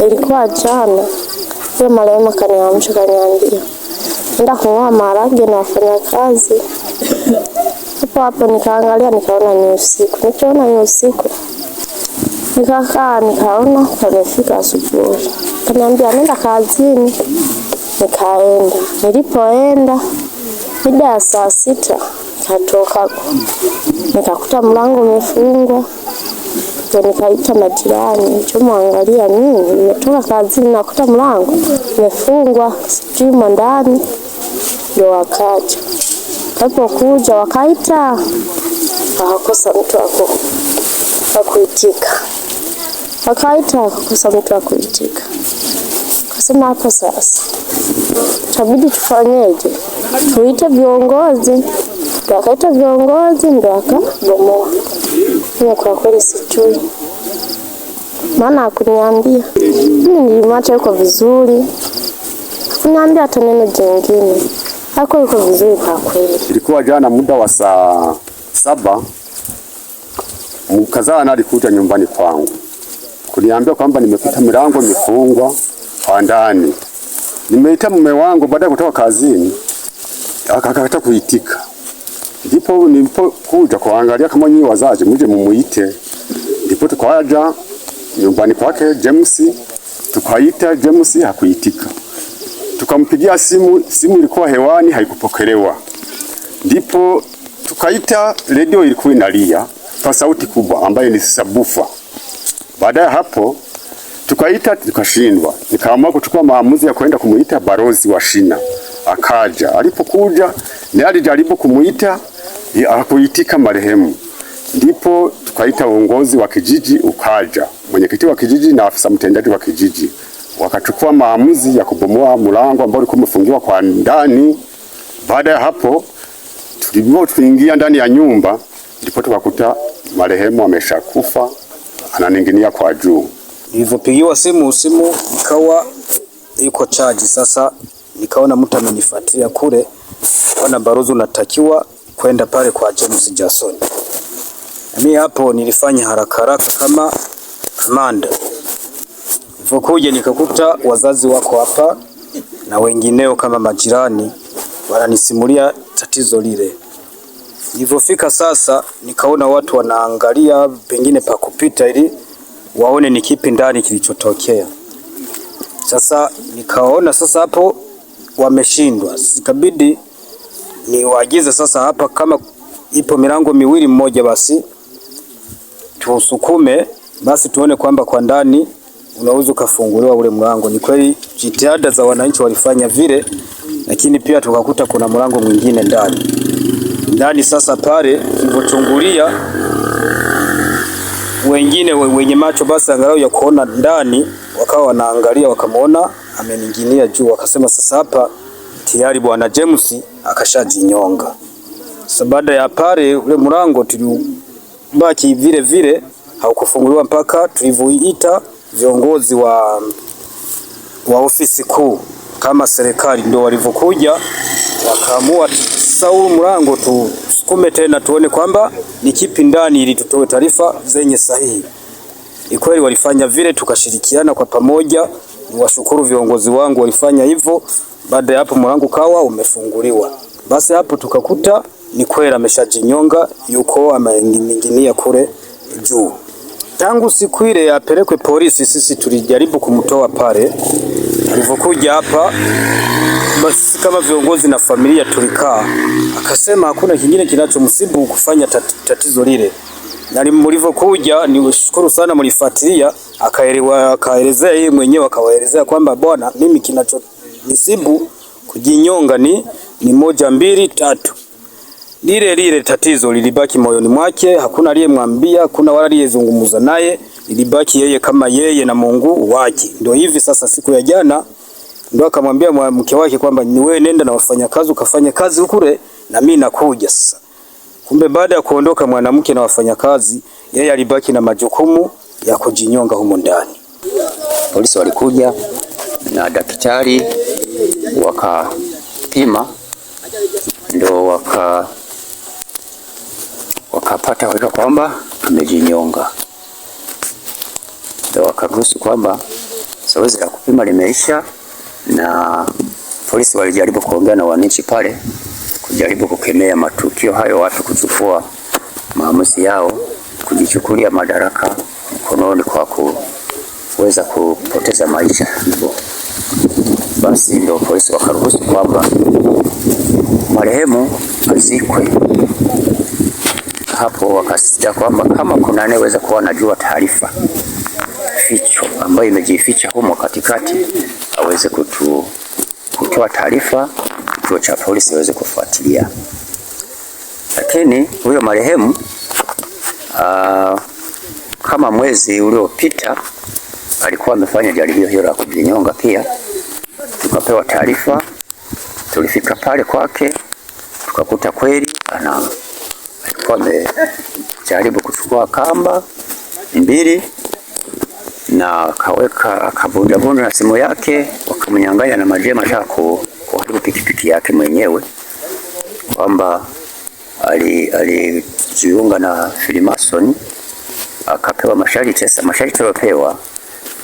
ilikuwa jana. Yule marehemu kaniamsha kaniambia, nenda kungoa maharage na wafanya kazi hapo hapo. Nikaangalia nikaona ni usiku, nikaona ni usiku nikakaa nikaona wamefika asubuhi, kaniambia nenda kazini. Nikaenda, nilipoenda mida ya saa sita nikatoka, nikakuta mlango umefungwa mtoto nikaita majirani, chomwangalia nini, hmm, nimetoka kazini nakuta mlango umefungwa, sijui ndani, ndio wakaja. kuja wakaita, akakosa mtu wa akuitika, wakaita akakosa mtu wa kuitika. Kasema hapo sasa tabidi tufanyeje? Tuite viongozi. akaita viongozi, ndio akabomoa. Mimi kwa kweli sijui, maana hakuniambia. Mimi nilimwacha yuko vizuri, hakuniambia hata neno jingine. Hako yuko vizuri kwa kweli. Ilikuwa jana muda wa saa saba mkazaa na alikuja nyumbani kwangu kuniambia kwamba nimekuta milango imefungwa kwa ndani. Nimeita mume wangu baada ya kutoka kazini akakata kuitika Ndipo nilipokuja kuangalia kama nyinyi wazazi mje mumuite, ndipo tukaja nyumbani kwake James, tukaita James, hakuitika. Tukampigia simu, simu ilikuwa hewani, haikupokelewa. Ndipo tukaita redio, ilikuwa inalia kwa sauti kubwa ambayo ni sabufa. Baada ya hapo tukaita tukashindwa, nikaamua kuchukua maamuzi ya kwenda kumuita barozi wa shina. Akaja, alipokuja ni alijaribu kumuita hakuitika marehemu, ndipo tukaita uongozi wa kijiji ukaja, mwenyekiti wa kijiji na afisa mtendaji wa kijiji wakachukua maamuzi ya kubomoa mlango ambao ulikuwa umefungiwa kwa ndani. Baada ya hapo, tulipo tuingia ndani ya nyumba, ndipo tukakuta marehemu ameshakufa ananinginia kwa juu. Nilipopigiwa simu simu ikawa iko chaji, sasa nikaona mtu amenifuatilia kule, bwana barozi, unatakiwa kwenda pale kwa James Jackson. Mimi hapo nilifanya haraka haraka kama kamanda. Nilipokuja nikakuta wazazi wako hapa na wengineo kama majirani wananisimulia tatizo lile. Nilipofika sasa, nikaona watu wanaangalia pengine pa kupita ili waone ni kipi ndani kilichotokea. Sasa nikaona sasa hapo wameshindwa, sikabidi ni niwaagize sasa hapa, kama ipo milango miwili, mmoja basi tusukume basi, tuone kwamba kwa ndani unaweza ukafunguliwa ule mlango. Ni kweli jitihada za wananchi walifanya vile, lakini pia tukakuta kuna mlango mwingine ndani ndani. Sasa pale tulivyochungulia wengine wenye macho basi angalau ya kuona ndani, wakawa wanaangalia, wakamwona ameninginia juu, wakasema sasa hapa tayari bwana James akashajinyonga. Sasa baada ya pale, ule mlango tulibaki vile vile, haukufunguliwa mpaka tulivyoita viongozi wa, wa ofisi kuu kama serikali, ndio walivyokuja wakaamua sau mlango tusukume tena, tuone kwamba ni kipi ndani, ili tutoe taarifa zenye sahihi. Ikweli walifanya vile, tukashirikiana kwa pamoja. Niwashukuru viongozi wangu walifanya hivyo. Baada ya hapo mlango kawa umefunguliwa. Basi hapo tukakuta ni kweli ameshajinyonga, yuko ameninginia kule juu. Tangu siku ile apelekwe polisi, sisi tulijaribu kumtoa pale. Alivyokuja hapa, basi kama viongozi na familia tulikaa, akasema hakuna kingine kinachomsibu kufanya tat, tatizo lile na mlivyokuja ni shukuru sana mlifuatilia, akaelewa akaelezea yeye mwenyewe akawaelezea kwamba bwana, mimi kinacho Msibu kujinyonga ni, ni moja mbili tatu. Lile lile tatizo lilibaki moyoni mwake, hakuna aliyemwambia, hakuna wala aliyezungumza naye, lilibaki yeye kama yeye na Mungu wake. Ndio hivi sasa, siku ya jana ndio akamwambia mke wake kwamba ni wewe nenda na wafanyakazi ukafanya kazi ukure na mimi nakuja sasa. Kumbe baada ya kuondoka mwanamke na wafanyakazi, yeye alibaki na majukumu ya kujinyonga humo ndani. Polisi walikuja na daktari wakapima, ndo waka wakapata weka kwamba tumejinyonga, ndo wakagusu kwamba zoezi la kupima limeisha, na polisi walijaribu kuongea na wananchi pale kujaribu kukemea matukio hayo, watu kuchukua maamuzi yao kujichukulia madaraka mkononi kwa kuweza kupoteza maisha hivyo basi ndio polisi wakaruhusu kwamba marehemu azikwe hapo. Wakasisitiza kwamba kama kuna anayeweza kuwa anajua taarifa ficho ambayo imejificha humo katikati aweze kutu kutoa taarifa, kituo cha polisi aweze kufuatilia. Lakini huyo marehemu aa, ah, kama mwezi uliopita alikuwa amefanya jaribio hilo la kujinyonga pia tukapewa taarifa. Tulifika pale kwake tukakuta kweli ana alikuwa amejaribu kuchukua kamba mbili na akaweka akabundabunda na simu yake, wakamnyang'anya na maji matako kuharibu pikipiki yake mwenyewe, kwamba alijiunga ali na Freemason akapewa masharti. Sasa masharti aliyopewa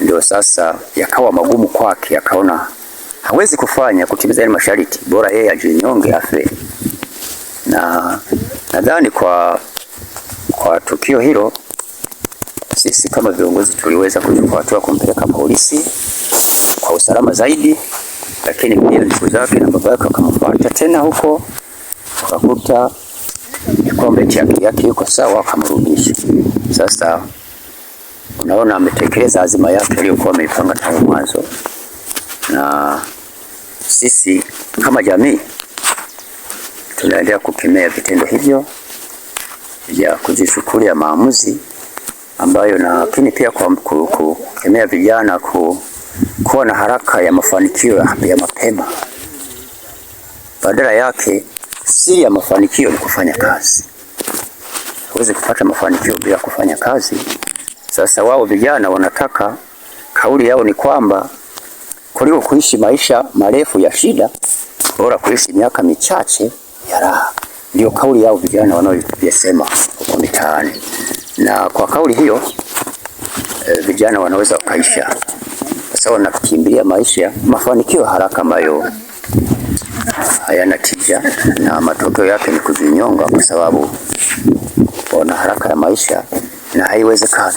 ndio sasa yakawa magumu kwake, akaona hawezi kufanya kutimiza ile masharti, bora yeye ajinyonge afe. Na nadhani kwa, kwa tukio hilo sisi kama viongozi tuliweza kuchukua hatua kumpeleka polisi kwa usalama zaidi, lakini pia ndugu zake na baba yake wakamfuata tena huko, wakakuta kikombe cha haki yake yuko sawa, wakamrudisha. Sasa unaona ametekeleza azima yake aliyokuwa ameipanga tangu mwanzo na sisi kama jamii tunaendelea kukemea vitendo hivyo vya kujichukulia maamuzi ambayo, lakini pia kwa kukemea vijana ku, kuwa na haraka ya mafanikio ya mapema. Badala yake, siri ya mafanikio ni kufanya kazi. Huwezi kupata mafanikio bila kufanya kazi. Sasa wao vijana wanataka, kauli yao ni kwamba kuliko kuishi maisha marefu ya shida, bora kuishi miaka michache ya raha. Ndio kauli yao vijana wanaoisema huko mitaani, na kwa kauli hiyo e, vijana wanaweza wakaisha sasa, wanakimbilia maisha mafanikio haraka mayo hayana tija, na matokeo yake ni kujinyonga, kwa sababu wana haraka ya maisha na haiwezekani.